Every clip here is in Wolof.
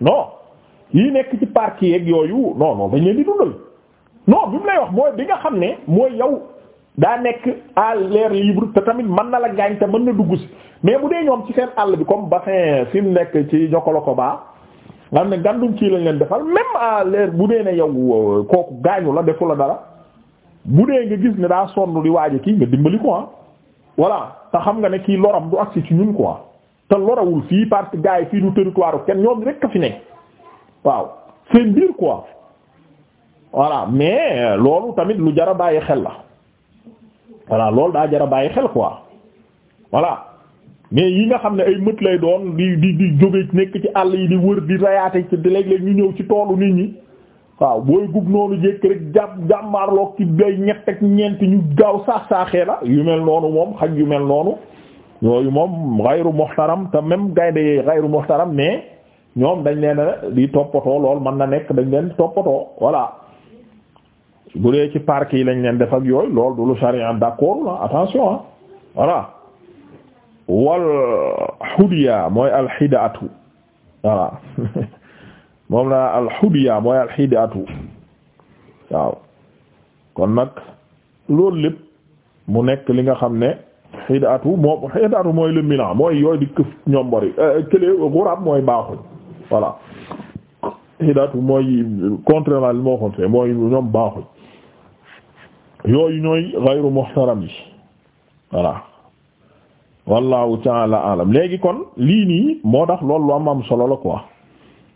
non yi nekk ci parc yeeg yooyu non non dañ leen di dundal non bi mu lay wax mooy bi nga xam ne mooy yow daa nekk à leer libre te tamit mën na la gaañ te mën na dugg si mais bu dee ñoom ci seen àll bi comme ba fi mu nekk ci Jokalante ba nga xam ne gandum ci lañ leen defal même à l'air bu dee ne yow euh, kooku gaañu la defu la dara bu dee nga gis ne daa sonn di waaj kii nga dimbali quoi ah. voilà te xam nga ne kii loram du agsi ci ñun quoi. te lorawul fii parce que gars yi fii du territoire kenn ñoom rek a fi nekk waaw seen biir quoi voilà mais loolu tamit lu jar a bàyyi xel la voilà loolu daa jar a bàyyi xel quoi voilà mais yi nga xam ne ay mët lay doon di di di jóge nekk ci àll yi di wër di rayaate ci di ñu ñëw ci toolu nit ñi waaw booy gub noonu jékk rek jàpp jàmmaarloog ci day ñett ak ñeent ñu gaaw saax saaxee la yu mel noonu moom xaj yu mel noonu yooyu moom xayru muhtaram te même gaynde yee ñoom dañ leen di toppatoo lool mën na nekk dañ leen di toppatoo voilà bu ci park yi lañ leen defak ak yooyu lool du lu sharia d'accord la attention ah voilà wal xudiya mooy alxidaatu voilà moom la alxudiya mooy alxidaatu waaw kon nag loolu lépp mu nekk li nga xam ne xidaatu moom xidaatu mooy le milan mooy yooyu di këf ñoom euh, euh, kële xuraab mooy baaxuñ voilà xidaatu mooy contrairement li moo xoon fe mooy ñoom baaxuñ yooyu ñooy gayru muhtaram yi voilà wallahu taala alam léegi kon lii nii moo tax loolu lu am am solo la ko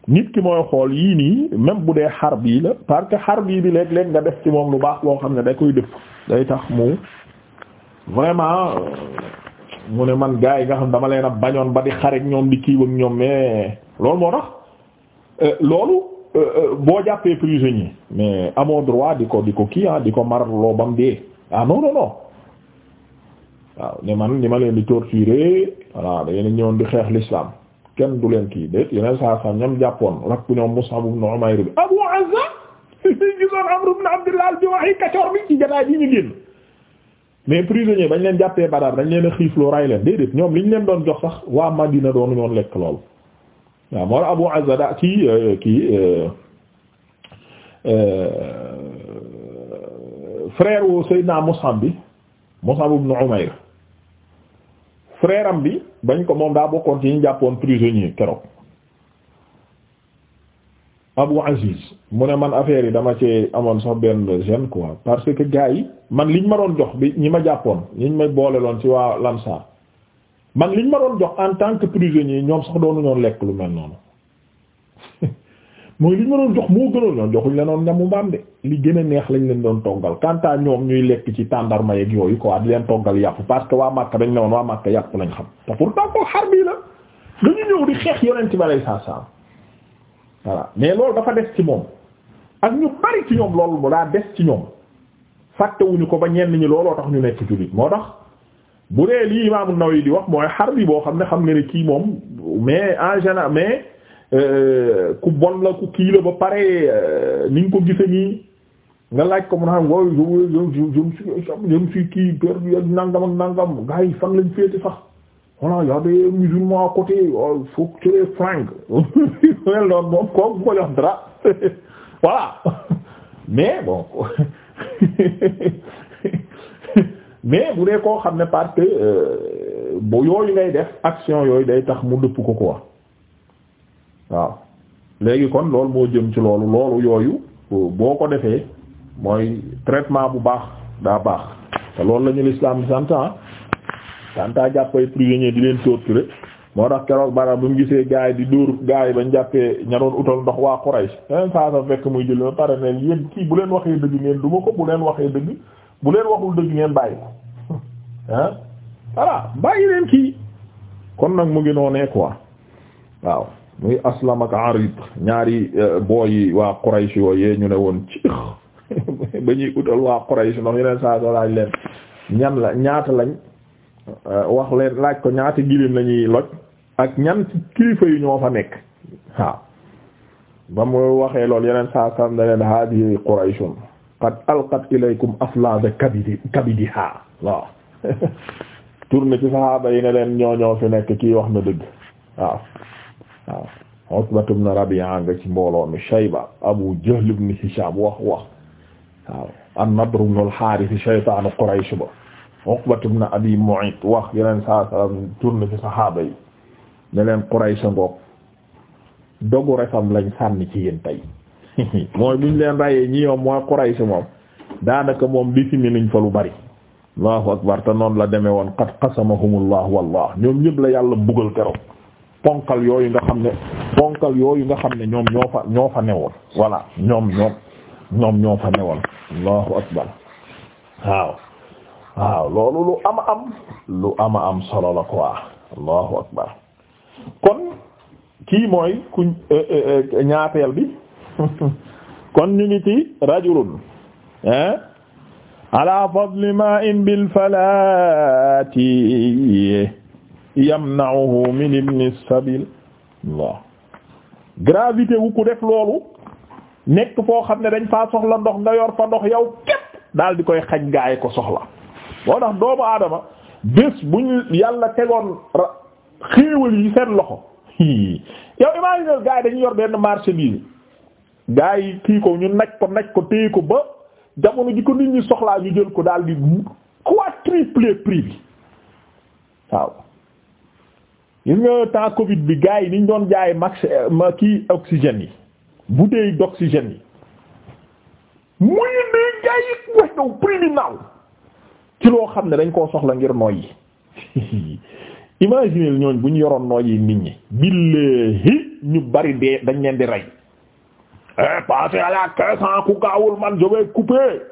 nit ki mooy xool yii nii même bu dee xarb bii la parce que xar bii bi léeg-léeg nga def ci moom lu baax loo xam ne da koy dëpp day tax mu vraiment euh, mu ne man gars yi nga xam dama leen a bañoon ba di xareek ñoom di kii ak ñoom mais loolu moo tax euh, loolu euh, boo jàppee prisonnier mais amoo droit di ko di ko kii ah di ko mar loo bam dee ah non waaw ne man di ma leen di torturer voilà da ngeen ñëwoon di xeex l'islam kenn du leen kii déet yeneen saa saa ñoom jàppoon rakk ñoom Mus'ab ibn Umayr bi Abu Azza gisoon Amr ibn Abdullah bi waxi kacoor bi ci jotaay bi ñu génn. mais prisonnier bañ leen jàppee Badar dañ leen a xiifloo ray leen déedéet ñoom liñ leen doon jox sax waa Madina doonu ñoon lekk lool waaw moo Abu Azada kii euh, kii euh, euh, frère wu Seydina Mus'ab bi Mus'ab ibn Umayr frère am bi bañ ko moom daa bokkoon ci ñu jàppoon prisonnier keroog Abu Aziz mu ne man affaire yi dama ci amoon sax benn gêne quoi parce que gars yi man liñ ma doon jox bi ñi ma jàppoon liñ ma loon ci waa Lansar man li ñu ma doon jox en tant que prisonnier ñoom sax doonu ñoon lekk lu mel noonu mooy liñ ma doon jox moo gënoon ñoom joxuñ la noon ñamu de li gën a neex lañ leen doon toggal quant à ñoom ñuy lekk ci tàndarma yeeg yooyu quoi di leen toggal yàpp parce que waa Makka dañ ne woon waa Makka yàpp lañ xam te pourtant ko xar bii la voilà mais loolu dafa des ci moom ak ñu bari ci ñoom loolu daa des ci ñoom fàttewuñu ko ba ñenn ñi looloo tax ñu nekk jullit moo tax bu dee lii Imaam An-Nawawi di wax mooy xar bi boo xam ne xam nga ne kii moom mais en général mais euh, ku bon la ku kii la ba pare euh, ni ko gise nii nga laaj ko mun a xam wooy je je je je me suis kii perdu ak nangam ak nangam gars yi fan lañ féete sax voilà y a des musulmans à côté il euh, faut que moom kooku bu ko jox dara voilà mais bon mais bu dee koo xam ne parce que euh, bu yooyu ngay def action yooyu day tax mu dëpp ko quoi waaw léegi kon loolu moo jëm ci loolu loolu yooyu boo ko defee mooy traitement bu baax daa baax te loolu la ñu l'islam sant ah. tanta jàpp ay prisonnier di leen torturer moo tax keroog bara bu mu gisee gars yi di dóor gars yi bañ jàppee ña doon utal ndox waa Quraysh yeneen saa sa muy julli ba pare ne yéen kii bu leen waxee dëgg ngeen duma ko bu leen waxee dëgg bu leen dëgg ngeen bàyyi ko ah voilà bàyyi leen kii kon mu ngi noonee quoi waaw muy Aslam ak Arid ñaari euh, booy yi waa ñu woon ci ba ñuy utal waa Quraysh ndox yeneen saa sa laaj leen ñan la ñaata lañ. Euh, wax leen laaj ko ñaata giléem la ñuy loj ak ñan ci kilifa yu ñoo fa nekk waaw ba mu waxee loolu yeneen saa sam na leen hadihi qurayshun qad alqat ilaykum aflaada kabidi kabidiha waaw tourne ci sahaaba yi ne leen ñoo ñoo fi nekk kii wax na dëgg waaw waaw Utbatu ibn Rabi'a nga ci mbooloo mi Shayba Abu Jahl ibn Hisham wax wax waaw an-Nadr ibn al-Harith shaytaanu Quraysh ba Uqbat ibn Abi Mu'ayt wax yeneen saa salaam tourne ci saxaaba yi ne leen Quraysh ngoog dogu resam lañ sànni ci yéen tey mooy buñ leen rayee ñi yoom mooy Quraysh moom daanaka moom li simi niñ fa lu bari Allahu akbar te noonu la demee woon qad qasamahumullah wallah ñoom ñëpp la yàlla buggal keroog ponkal yooyu nga xam ne ponkal yooyu nga xam ne ñoom ñoo fa ñoo fa newoon voilà ñoom ñoom ñoom ñoo fa newoon Allahu akbar waaw waaw loolu lu ama am lu ama am solo la quoi allahu akbar kon kii mooy ku eh, eh, eh, ñaateel bi kon ñu ngi ci rajulun hein ala fadli ma'in bil falati yamna'uhu min ibni sabil waaw gravité def loolu nekk foo xam ne dañ faa soxla ndox nga yor fa ndox yow képp daal di koy xañ gaay ko soxla moo tax doomu aadama bés bu ñu yàlla tegoon xéewal yi seen loxo yow imagine gars yi dañu yor benn marché marchandise gars yi kii ko ñu naj ko naj ko téye ko ba jamono ji ko nit ñi soxlaa ñu jël ko daal di quadruple prix bi waaw gis nga temps Covid bi gaa yi niñ doon jaay max ma kii oxygène yi bouteille d'oxygène yi muy ne gars yi wax bi naaw ci loo xam ne dañ koo soxla ngir noyyi imagineel ñooñ bu ñu yoroon noyyi nit ñi billahi ñu bari dee dañ leen di rey eh passé à la caisse ku gaawul man je vais couper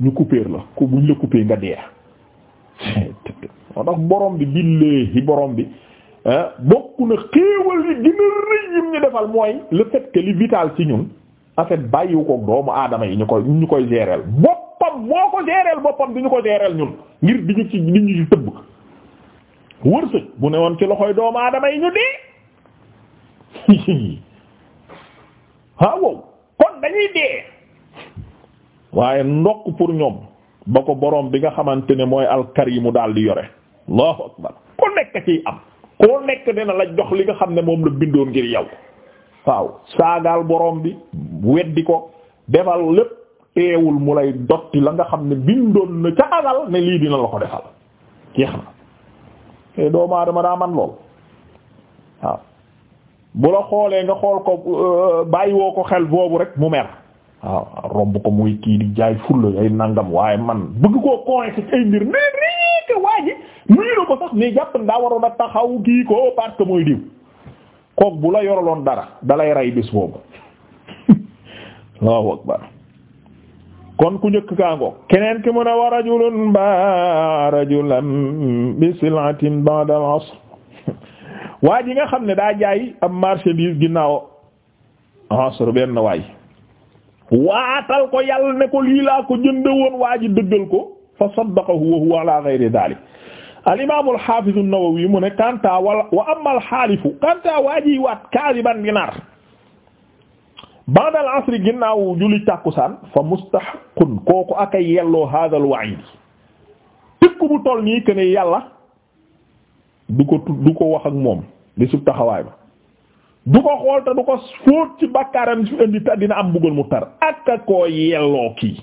ñu couper la ku buñ la couper nga dee moo tax borom bi billahi borom bi eh, bokk na xéewal yi gën a rëy yim ñu defal mooy le fait que li vital ci ñun en fait bàyyiwu koog doomu aadama yi ñu koy ñu koy gérer moom moo ko géréel boppam bi ñu ko géréel ñun ngir di ñu ci di ñu ci tëbb wërsëg bu ne woon ci loxoy doomu aadama yi ñu dee ah waaw kon dañuy dee waaye ndokk pour ñoom ba ko boroom bi nga xamante ne mooy mu dal di yore allahu akbar ku nekk ciy am koo nekk dina la jox li nga xam ne moom la bindoon ngir yow waaw saagaal boroom bi weddi ko defal lépp teewul mu lay dotti la nga xam ne bindoon na ca alal ne lii dina la ko defal jeex na te doomu aadama daa man lool waaw bu la xoolee nga xool ko euh, bàyyi woo ko xel boobu rek mu mer waaw romb ko muy kii di jaay fulla ay nangam waaye man bëgg koo convaincre ci ay mbir ne rek waa ji nuyu ko sax ni jàpp ndaa waroon a taxaw kii ko parce que mooy diw kook bu la yoraloon dara dalay rey bis boobu Allahu akbar kon ku njëkk kaango keneen ki mu ne wa rajulun ba rajulan bi sil'atin asr waa ji nga xam ne daa jaay am marchandise ginnaaw asr benn waay waatal ko yàlla ne ko lii laa ko jënde woon waa dëggal ko fa saddaqahu wa huwa ala ghayri dhalik al-imam al-hafiz an-nawawi mu ne kanta wa amma al-halifu kanta waa waat kaadiban bi nar ba'dal asri ginnaaw julli tàkkusaan fa mustahaqqun kooku ak a yelloo haadal wa'iid tëkku bu toll nii que yàlla du ko du ko wax ak moom li sub taxawaay ba du ko xool te du ko fóot ci bàkkaaram indi ta dina am mbugal mu tar ak a koo yelloo kii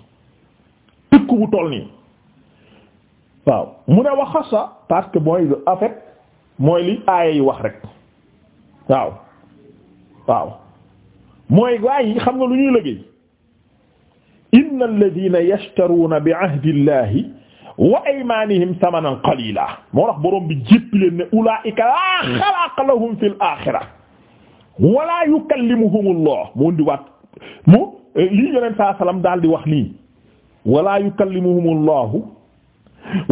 tëkku bu toll nii waaw mu ne wax xasa parce que mooy en mooy li aaya yi wax rek waaw waaw mooy gaa yi xam nga lu ñuy liggéey inna alladina yashtaruuna bi ahdi llahi wa aymaanihim samanan qalila moo tax borom bi jépp leen ne ulaa'ika laa xalaqa lahum fil aaxira wala yukallimuhum allah mu di waat mu lii yonent saa salaam daal di wax nii wala yukallimuhum allah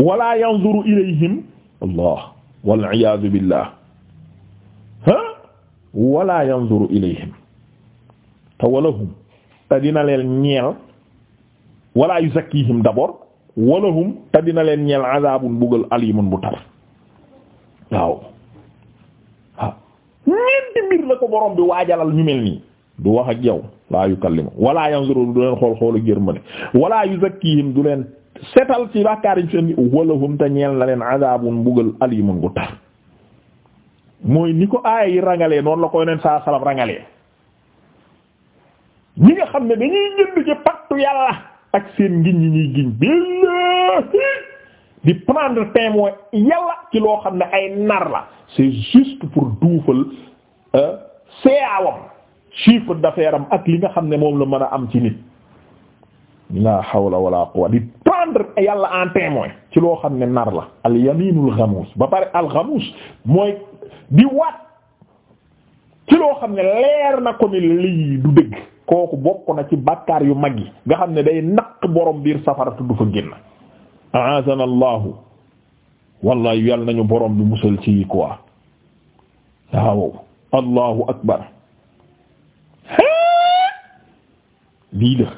wala yanzuru ilayhim allah wal iyaazu billah ha wala yanzuru ilayhim te walahum te dina leen ñeel wala yuzakkihim te dina leen ñeel azabun bugal alimun bu tar waaw waaw ñeenti mbir la waajalal ñu mel nii du wax ak yow laa yukallimu wala yanzuru du leen xool xool ak yërmande wala yuzakkihim ñeel na leen alimun bu tar mooy ni ko aaya yi rangalee noonu la ko yoneen saa sallam rangalee li nga xam ne dañuy jënd ci pattu yàlla ak seen ngiñ ñi ñuy giñ billahi di prendre témoin yàlla ci loo xam ne ay nar la c'est juste pour duufal euh, seawam chiffre d'affaires am ak li nga xam ne moom la mën a am ci nit la xawla wala quwwata di prendre yàlla en témoin ci loo xam ne nar la al yaminul ghamus ba pare al ghamus mooy di waat ci loo xam ne leer na ko ni lii du dëgg kooku bokk na ci bàkkaar yu mag yi nga xam ne day naq borom biir safara tudd fa génn aazana allahu wallahi yàlla nañu borom bi musal ci yi quoi waaw allahu akbar lii la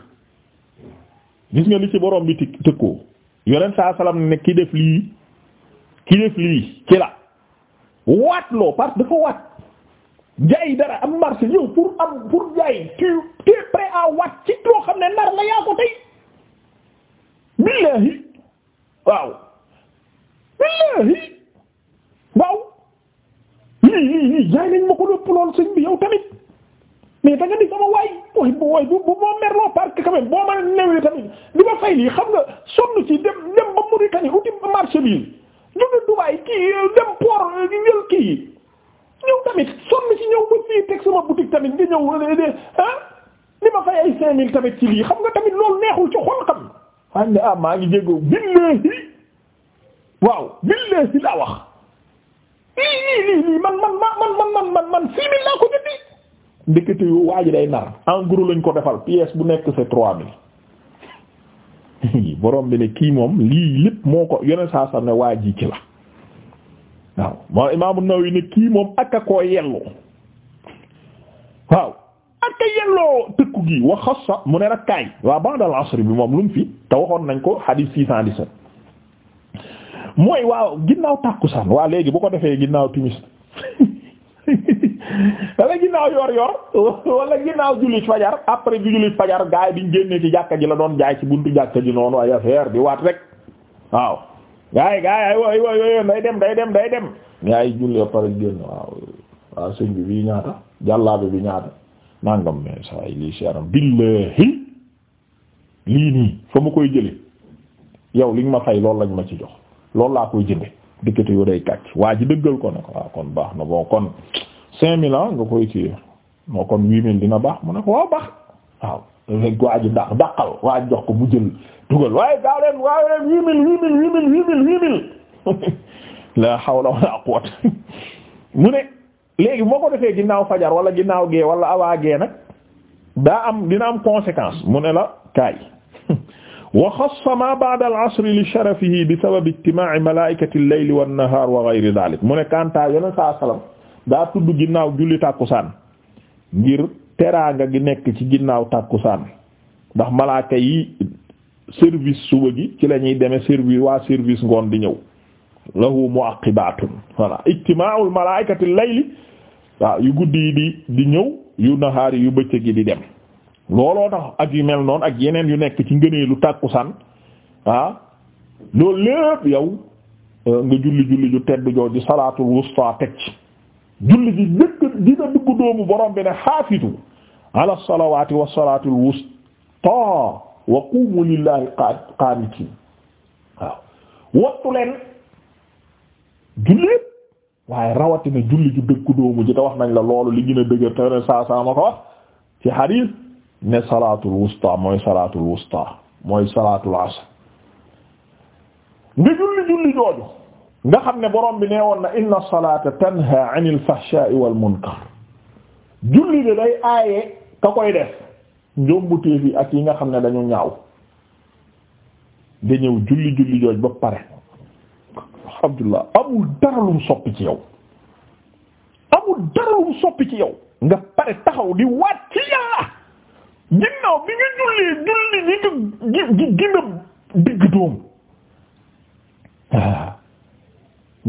gis nga li ci borom bi tëg tëkkoo yonent saa salaam ne ki def lii ki def lii ci la waatloo parce dafa waat jaay dara am marché ñëw pour am pour jaay tu tu es a à wat ci loo xam ne nar la yaa ko tey billahi waaw billahi waaw lii lii lii jaay nañ ma ko lépp lool sëñ bi yow tamit mais da nga sama waay waay bu waay bu moo merloo parce que quand même boo ma newee tamit di ma fay lii xam nga sonn ci dem dem ba Mauritanie uti marché bi jóge Dubaï kii dem port ñël kii ñëw tamit sonn ci ñëw ba fii sama boutique tamit di ñëw eh, eh, eh, ah li ma fay ay cinq mille tamit ci lii xam nga tamit loolu neexul ci xol xam xam ne ah maa ngi jéggoo billahi waaw billahi laa wax lii lii lii man man man man man man man man six mille laa ko jëndi ndekete yoo waa ji day nar en gros lañ ko defal pièce bu nekk c'est trois mille borom bi ne kii moom lii lépp moo ko yone saa sam ne waa ji ci la waaw moo Imaamu Nawawi ne kii moom ak a koo yellu waaw ka yelloo tëkku gi wa xassa mu ne nag kaay waa ba'da al-asr bi moom lu mu fi te waxoon nañ ko hadith 617 mooy waaw ginnaaw tàkkusaan waa léegi bu ko defee ginnaaw timis wala ginnaaw yor yor wala ginnaaw julli fajar après bi julli fajar gaay biñ génnee ci jàkka ji la doon jaay ci buntu jàkka ji noonu ay affaire di waat rek waaw gaay gaay ay way way day dem day dem day dem gaay julli après génn waaw waaw sëñ bi bii ñaata jàllaabe bi ñaata nangam mais saa yi lii si yaram billahi lii nii fa ma koy jële yow liñ ma fay loolu lañ ma ci jox lool laa koy jënde dikkati yu day kàcc waa ji dëggal ko ne ko waaw kon baax na bon kon cinq mille ans nga koy téye moo kon huit mille dina baax mu ne ko waaw baax waaw rek waa waa jox ko mu jël dugal waaye gaaw leen waaw leen huit mille huit mille huit mille huit mille huit mille la hawla wala quwwata mu ne léegi moo ko defee ginnaaw fajar wala ginnaaw gee wala awaa gee nag daa am dina am conséquence mu ne la kaay wa xassa ma ba'da al-'asr li sharafihi bi sababi ijtimaa'i malaa'ikati al-layli wan-nahaar wa ghayri dhalik mu ne Kantaa yeneen saa salaam daa tudd ginnaaw julli tàkkusaan ngir teraanga gi nekk ci ginnaaw tàkkusaan ndax malaaka yi service suba gi ci la ñuy demee service waa service ngoon di ñëw. lahu mu'aqibatun voilà ijtima'ul malaikati layli waaw yu guddi yi di ñëw yu nahaari yu bëccëg yi di dem looloo tax ak yu mel noon ak yeneen yu nekk ci ngëneelu tàkkusaan ah loolu lépp yow euh, nga julli julli ju tedd jooju salaatul wusta teg ci julli ji dëkk dugg doomu borom bi ne xaafitu ala salawaati wa waaw wattu leen jullit waaye rawatina julli ju dëkku doomu ji te wax nañ la loolu li gën a dëgër te saa saa ma ko wax ci xadiis ne salaatul wusta mooy salaatul wusta mooy salaatul asr nga julli julli jooju nga xam ne borom bi nee woon na inna salata tanha anil fahsha'i wal munkar julli yi ak yi nga xam ne dañu ñaaw nga ñëw julli julli jooj ba pare Abdullah amul dara lu mu soppi ci yow amul dara lu mu soppi ci yow nga pare taxaw di waat ci yàlla ginnaaw bi nga jullee julli ñi nga gi gën a digg dóomu waa ah.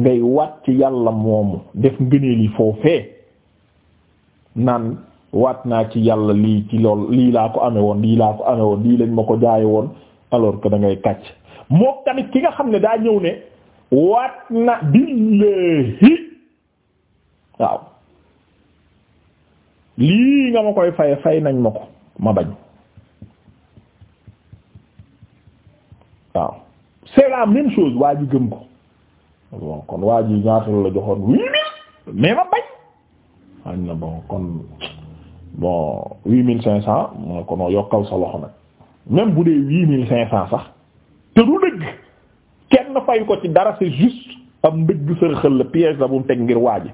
ngay waat ci yàlla moomu def ngëneel yi foofee naan waat naa ci yàlla lii ci lool lii laa ko amee woon lii laa ko amee woon lii lañ ma ko jaaye woon alors que da ngay kàcc moo tamit ki nga xam ne daa ñëw ne waat na billahi waaw lii nga ma koy fay fay nañ ma ko ma bañ waaw c'est la même chose waa ji ko bon kon waa ji ñaata la joxoon huit mille mais ma bañ añ na bon kon bon huit mille cinq cent moo ko noo yokkal sa loxo nag même bu dee huit mille cinq cent sax te du dëgg kenn fayu ko ci dara c'est juste am ndëgg sër xël la piège la bu mu teg ngir waaj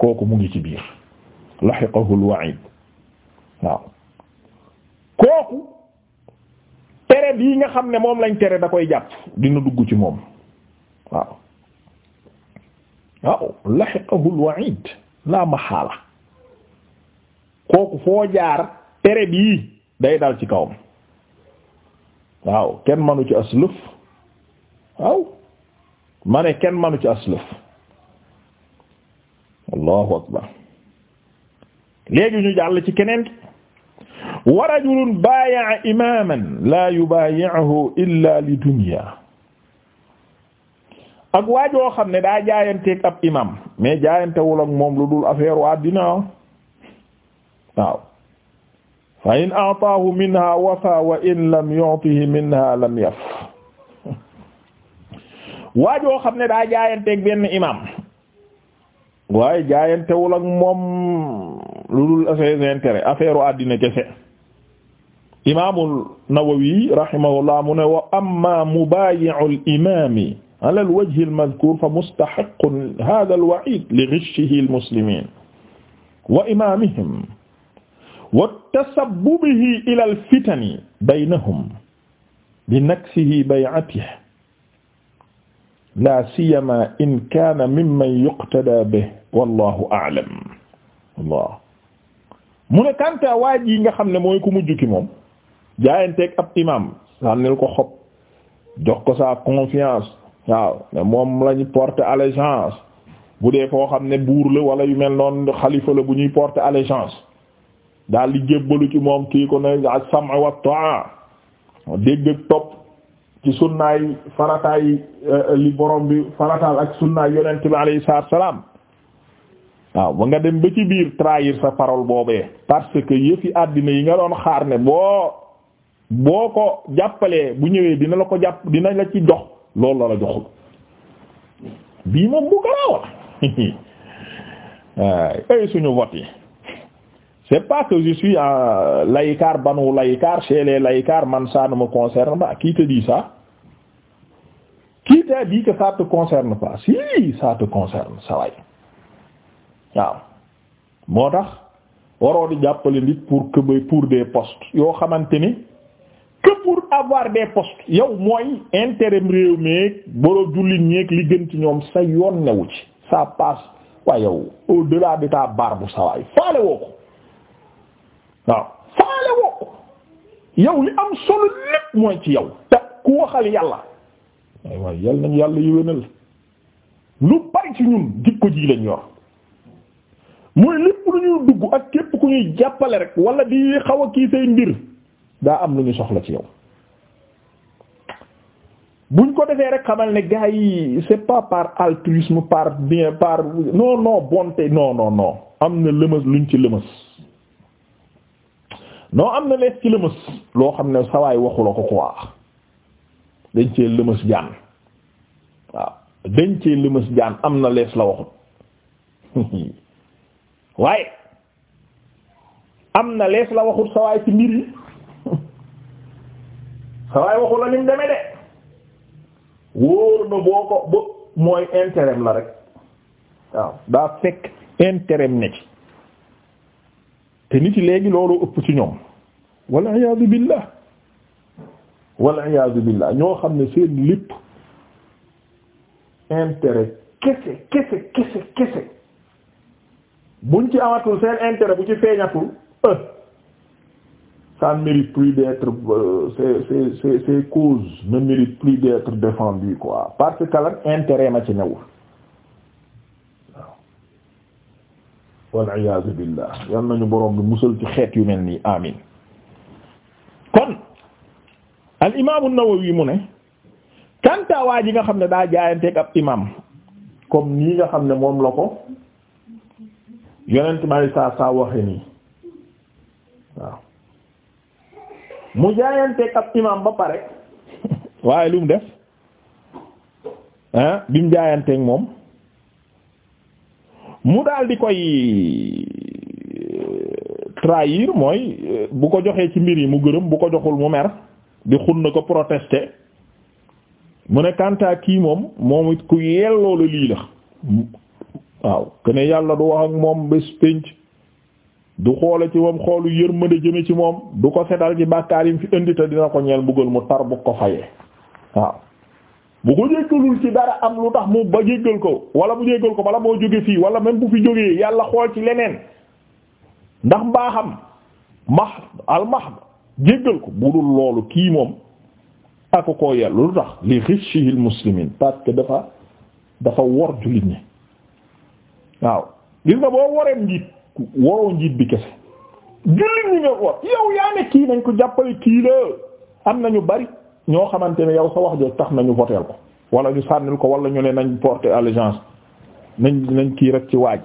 kooku mu ngi ci biir laxiqahu al-wa'id waaw kooku tere bii nga xam ne moom lañ tere da koy jàpp dina dugg ci moom waaw waaw laxiqahu al-wa'id la maxaala kooku foo jaar tere bii day dal ci kawam waaw kenn manu ci aslëf waaw ma kenn manu ci aslëf allahu akbar léegi ñu jàll ci kenen wa rajulun baaya'a imaaman laa yubaayi'uhu illaa li dunyaa ak waajoo xam ne daa jaayanteeg ab imam mais jaayantewul ak moom lu dul affaire waa dina waaw fa in a'taahu minha wafa wa in lam yu'tihi minha lam yaf waajoo xam ne daa jaayanteeg benn imam waaye jaayantewul ak moom lu dul ses intérêts affaire àddina kese imaamul Nawawi rahimahullah mu ne wa amma mubaayi'ul imaami alal wajhil mazkuur fa mustahiqqun haadal wa'iid li ghishshihil muslimiin wa imaamihim wa tasabbubihi ilal fitani baynahum li naksihi bay'atihi la siyama in kaana mimman yuqtada bihi wallahu Allah mu ne kanta waa ji nga xam ne mooy ku mujj ki moom jaayanteeg ab imam sànnil ko xob jox ko sa confiance waaw ne moom lañu porter allégeance bu dee koo xam ne buur la wala yu mel noonu xalifa la bu ñuy porter allégeance daal di jébbalu ci moom kii ko ne as wa ta'a dégg topp ci sunnaay farataay euh, li borom bi farataal ak sunnaay yonent bi alayhi salaatu salaam waaw ba nga dem ba ci biir trahir sa parole boobee parce que yëfi àddina yi nga doon xaar ne boo boo ko jàppalee bu ñëwee dina la ko jàpp dina la ci jox loolu la la joxul bii moom bu garaaw la ay suñu vote yi c'est pas que je suis un laïcard banu laïcard chez les laïcards man ça ne me concerne pas qui te dit ça qui t'a dit que ça te concerne pas si ça te concerne ça waaw moo tax waroo di jàppale nit pour que pour des postes yoo xamante ni que pour avoir des postes yow mooy intérêt réew meeg boro jullit ñeeg li gën ci ñoom sa yoon newu ci ça passe waaye yow au delà de ta barbe bu sawaay faale woo ko waaw faale woo yow li am solo lépp mooy ci yow te ku waxal yàlla waaye waaye yal yàlla yàlla yéwénal lu bari ci ñun jikko ji lañ yor mooy lépp lu ñuy dugg ak képp ku ñuy jàppale rek wala di xaw a kii say mbir daa am lu ñu soxla ci yow buñ ko defee rek xamal ne gars yi c'est pas par altruisme par bien par non non bonté non non non am na lëmas luñ ci lëmas non am na nekk ci lëmës loo xam ne sawaay waxu la ko quoi dañ cee lëmës jaan waaw dañ cee lëmës jaan am na lees la waxut waaye am na lees la waxut sawaay ci mbir yi sawaay waxu la nim deme de wóor na boo ko ba mooy intérêt la rek waaw daa fekk intérêt ne ci te nit yi léegi looloo ëpp ci ñoom wal iyaadu billah wal iyaadu billah ñoo xam ne seen lépp intérêt kese kese kese kese buñ ci amatul seen intérêt bu ci feeñatul euh, ça ne mérite plus d'être ces euh, ces ces ces causes ne plus d'être défendues quoi parce que ma ci newul wal iyaazu billah yal nañu borom bi musal ci xeet yu mel nii amin kon al imaamu an-Nawawi mu ne kanta waa ji nga xam ne daa jaayanteeg ab imam comme nii nga xam ne moom la ko yonent may saa saa waxe nii mu jaayanteeg ab imam ba pare waaye lu mu def hein ah, bi mu jaayanteeg moom mu daal di koy euh, trahir mooy euh, bu ko joxee ci mbir yi mu gërëm bu ko joxul mu mer di xun na ko protester mu ne kanta kii moom moom it ku yelloolu lii la waaw kene yàlla du wax ak moom bés pénc du xoole ci moom xoolu yërmande jëme ci moom du ko setal ci bàkkaar yi mu fi indi te dina ko ñeel mbugal mu tar bu ko fayee waaw bu ko jéggalul ci dara am lu tax mu ba jéggal ko wala mu jéggal ko bala moo jóge fii wala même bu fi jógee yàlla xool ci leneen ndax mbaaxam max almaxd jéggal ko bu dul loolu kii moom ako koo yellu lu tax li xichihil muslimin parce que dafa dafa wor jullit ñi waaw gis nga boo waree njiit waroo njiit bi kese jullit ñi nga wor yow yaa ne kii nañ ko jàppale kii la am na ñu bari ñoo xamante ne yow sa wax jooju tax nañu voteel ko wala ñu sànnil ko wala ñu ne nañ porter allégeance nañ nañ kii rek ci waaj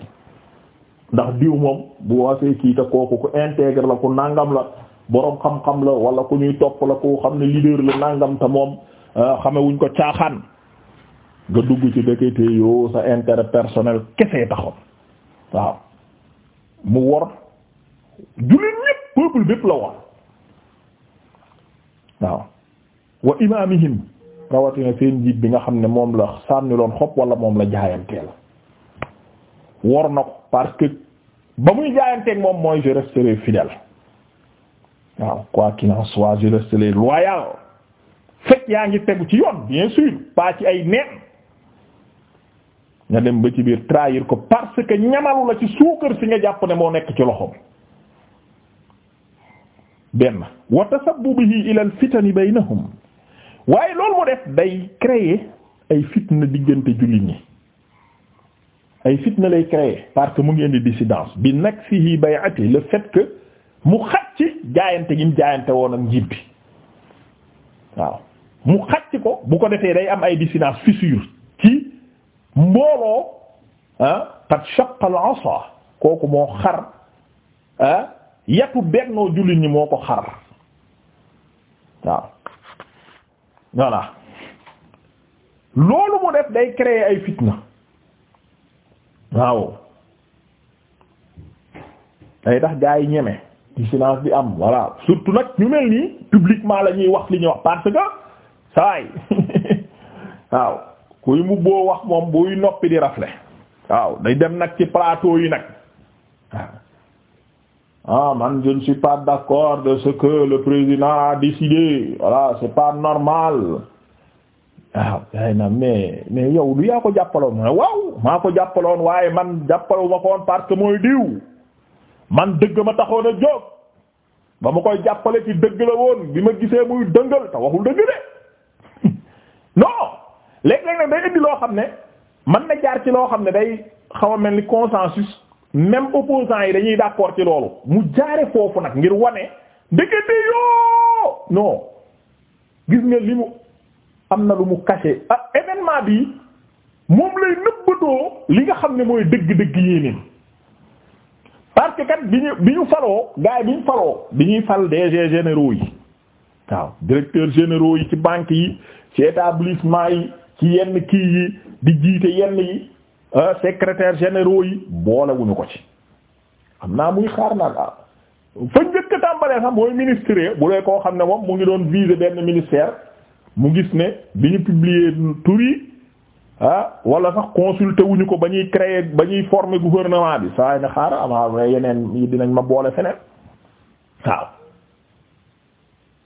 ndax diw moom bu waasee kii te kooku ku intègre la ku nangam la boroom xam-xam la wala ku ñuy topp la ku xam ne leader la nangam te moom euh, xamewuñ ko caaxaan nga dugg ci dëkkate yoo sa intérêt personnel kese taxoon waaw mu wor jullit ñépp peuple bépp la wor waaw wa imaamihim rawatina seen jiit bi nga xam ne moom la sànni loon xob wala moom la jaayanteel wor na ko parce que ba muy jaayanteeg moom mooy je resterai fidèle waaw quoi qu'il en soit je resterai loyal fekk yaa ngi tegu ci yoon bien sûr pas ci ay neen nga dem ba ci biir trahir ko parce que ñamalu la ci suukar si nga jàpp ne moo nekk ci loxoom benn wa tasabbubihi ila al fitani baynahum waaye loolu mu def day créer ay fitna diggante jullit ñi ay fitna lay créer parce que mu ngeen indi dissidence bi nag fii bayati le fait que mu xacc jaayante gi mu jaayante woon ak njiit bi waaw mu xacc ko bu ko defee day am ay dissidence fissure ci mbooloo ah qad shaqqa al kooku moo xar ah yatu bennoo jullit ñi moo ko xar waaw voilà loolu mu def day créer ay fitna waaw day tax gaa yi ñeme ci silence bi am voilà surtout nag ñu mel nii publiquement la ñuy wax li ñuy wax parce que saay waaw kuy mu wax moom buy noppi di rafle waaw day dem nag ci plateau yi nag ah man je ne suis pas d'accord de ce que le président a décidé voilà c'est pas normal waaw ah, yaay na mais mais yow lu yaa ko jàppaloon ma waaw maa ko jàppaloon waaye man jàppaloo ma koon woon parce que mooy diw man dëgg ma taxoon a jóg ba ma koy jàppale ci dëgg la woon bi ma gisee muy dëngal te waxul dëgg de non léeg-léeg day indi loo xam ne man na jaar ci loo xam ne day xaw a mel ni consensus même opposants yi dañuy d'accord ci loolu mu jaare foofu nag ngir wane ndekete yoo non gis nga li mu am na lu mu caché ah événement bi moom lay nëbbatoo li nga xam ne mooy dëgg-dëgg yéenéen parce que kat bi ñu bi ñu faloo gars yi bi ñu faloo bi ñuy fal DG généraux yi waaw directeur généraux yi ci banque yi ci établissement yi ci yenn kii yi di jiite yenn yi Euh, secrétaire généraux yi boolewuñu ko ci xam naa muy xaar naan ah fa njëkk tàmbalee sax mooy ministère bu dee koo xam ne moom mu ngi doon viser benn ministère mu gis ne bi ñu publier tur yi ah, wala sax consulter wuñu ko ba ñuy créer ba ñuy former gouvernement bi saa ne xaar amaa ah, ne yeneen yi dinañ ma boole feneen waaw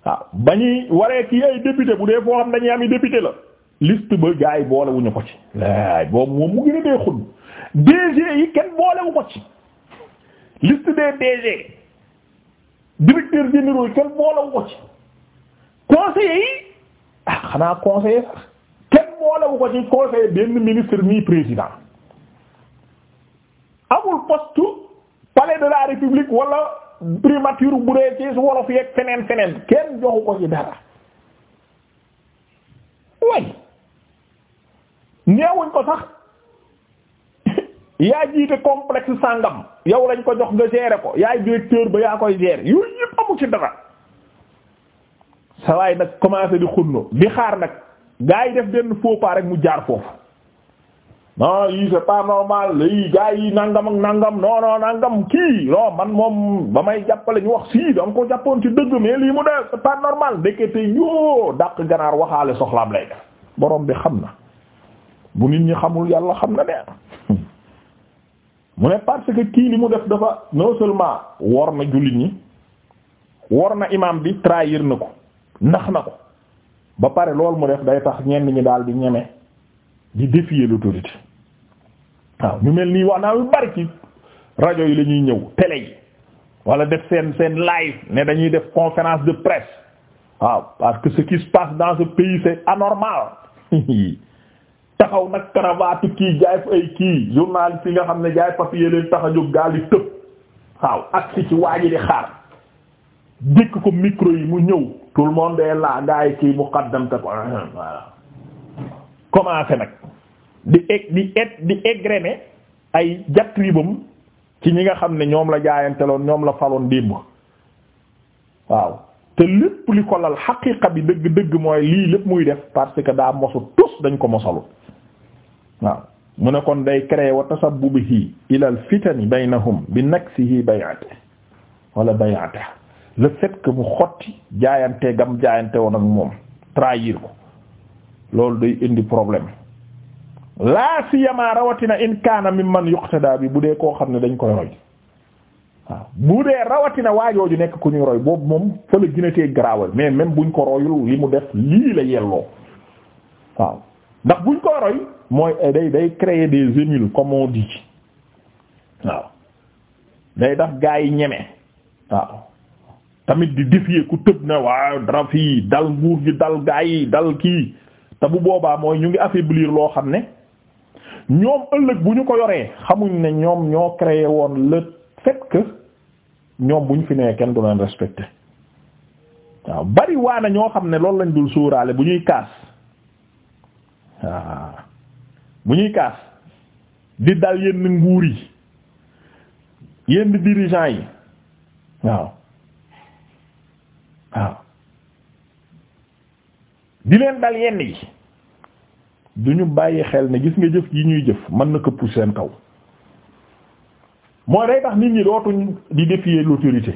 waaw ba ñuy waree kii ay député bu dee foo xam dañuy am i la liste ba gars yi boolewuñu ko ci laay boobu moom mu gën a dee xun DG yi kenn boolewu ko ci liste des DG directeur généraux yi kenn boolewu ko ci conseillers yi ah xanaa conseiller sax kenn boolewu ko ci conseiller benn ministre ni président amul poste palais de la république wala primature bu dee ci wolof yeeg feneen feneen kenn joxu ko ci dara neewuñ ko sax yaa jiite complexe sàngam yow lañ ko jox nga gérer ko yaay directeur ba yaa koy gérer yooyu yëpp amu ci dara sawaay nag commencé di xunno di xaar nag gaa yi def benn faux pas mu jaar foofu non yii c'est pas normal lii yi nangam ak nangam non non nangam kii non man moom ba may jàppale ñu wax sii danga ko jàppoon ci dëgg mais lii mu daa c'est pas normal ndekete yoo dàq ganaar waxaale soxlaam lay def borom bi xam na bu nit ñi xamul yàlla xam na ne mu ne parce que kii li mu def dafa non seulement wor na jullit ñi wor na imaam bi trahir na ko nax na ko ba pare loolu mu def day tax ñenn ñi daal di ñeme di défier l'autorité waaw ñu mel nii wax naa lu bari ci rajo yi lañuy ñëw télé yi walla def seen seen live ne dañuy def conférence de presse waaw parce que ce qui se passe dans ce pays c'est anormal taxaw nag cravate kii jaay fa ay kii journaliste yi nga xam ne jaay papier leen tax a jóg gaal tëb waaw ak si ci waa di xaar dikk ko micro yi mu ñëw tout le monde est kii muqaddam ta ko ah, voilà nag di egg di et di égrener ay jatribam ci ñi nga xam ne ñoom la jaayanteloon ñoom la faloon démb waaw te lépp li ko lal xaqiqa bi dëgg dëgg mooy lii lépp muy def parce que daa mosu tous dañ ko mosalu waaw mu ne kon day créer wa bu ila al fitani baynahum bi naksihi bay'ati wala bay'ata le fait que mu xotti jaayante gam jaayante woon ak moom trahir ko loolu day indi problème laa siyama rawatina in kaana mimman yuqtada bi bu dee koo xam ne dañ koy roy waaw bu dee rawatina waajooju nekk ku ñuy roy boobu moom fa la gënatee garaawal mais même buñ ko royul li mu def lii la yelloo waaw ndax buñ ko roy mooy eh, day day créer des émules comme on dit waaw day gaa yi ñeme waaw tamit di défier ku tëb na waaw dara fii dal nguur gi dal gaa yi dal kii te bu boobaa mooy ñu ngi affaiblir loo xam ne ñoom ëllëg bu ñu ko yoree xamuñ ne ñoom ñoo crée woon le fait ñoom bu ñu fi nee kenn du leen respecté waaw bari waa na ñoo xam ne loolu lañ dul suuraale bu ñuy kaas waaw bu ñuy kaas di dal yenn nguur yi yenn dirigeants yi waaw waaw di leen dal yenn yi du ñu bàyyi xel ne gis nga jëf yi ñuy jëf mën na këpp seen kaw mooy day tax nit ñi dootuñ di défier l'autorité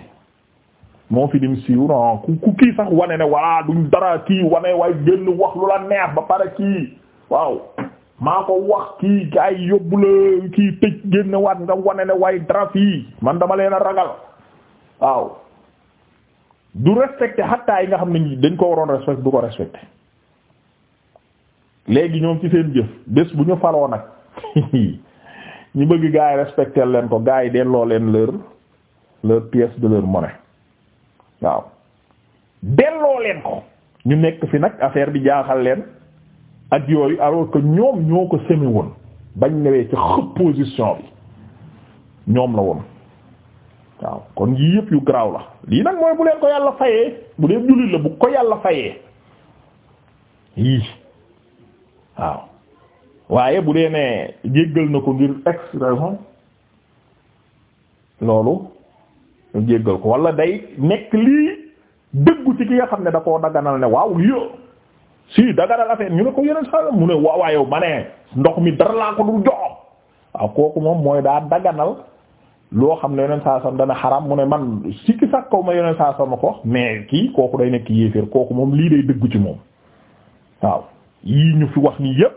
moo fi dim siiw non ku ku kii sax wane ne walla duñ dara kii wane waaye génn wax lu la neex ba pare kii waaw maa ko wax kii gaay yóbbu la kii tëj génne waat nga wane ne way dara yi man dama leen a ragal waaw du respecté xattaa yi nga xam ne dañ ko waroon respecté du ko respecté léegi ñoom ci seen jëf bés bu ñu faloo nag ñu bëgg gaa gaay respecté leen ko gaay delloo leen leur leur pièce de leur monnaie waaw delloo leen ko ñu nekk fi nag affaire bi jaaxal leen ak yooyu alors ñoom ñoo ko semi woon bañ newee ci xëpp position bi ñoom la woon waaw kon yii yëpp yu garaaw la lii nag mooy bu leen ko yàlla fayee bu dee jullit la bu ko yàlla fayee yii waaw waaye bu dee nee jéggal na ko ngir ex raison loolu jéggal ko wala day nekk lii dëggu ci ki nga xam ne da ko daganal ne waaw lii si daganal affaire ñu ne ko yeneen saa mu ne waawaay yow ma ne ndox mi dara laa ko dul jox waaw kooku moom mooy daa daganal loo xam ne yeneen saa sam dana xaram mu ne man sikki sax kaw ma yeneen saa ma ko mais kii kooku day nekk yéeféer kooku moom lii day dëgg ci moom waaw yii ñu fi wax nii yépp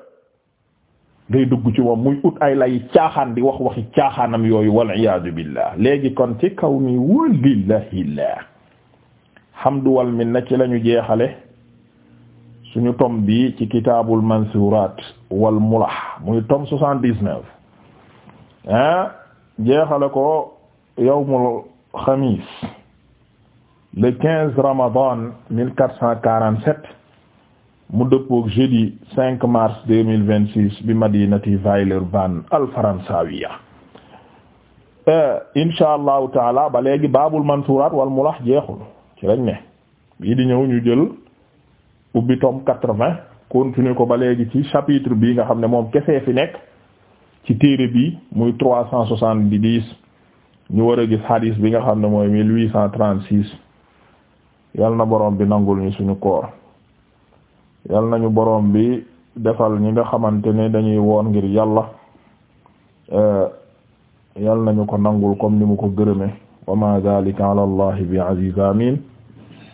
day dugg ci moom muy ut ay lay caaxaan di wax waxi caaxaanam yooyu wal iyaadu billah léegi kon ci kaw nii walillahi xam hamdu wal na ci lañu jeexale suñu tom bi ci kitaabul mansuuraat wal mulah muy tom soixante-dix-neuf jeexale ko yawmul xamiis le quinze ramadan cent quarante-sept mu dëppook jeudi cinq mars mille vingt-six bi madinati Villeurbanne al faransawiya euh, insha allahu taala ba léegi baabul mansuuraat wal mulah jeexul ci lañ ne bii ñëw ñu jël ubbi tome quatre-vingt continuer ko ba léegi ci chapitre bii nga xam ne moom kese fi nekk ci téere bi muy trois cent soixante-dix ñu war a gis hadis bi nga xam ne mooy mille huit cent trente yal na borom bi nangul ñu suñu koor yal nañu boroom bi defal ñi nga xamante ne dañuy woon ngir yàlla eh, yal nañu ko nangul comme ni mu ko gërëme wa ma zalika ala bi aziz amin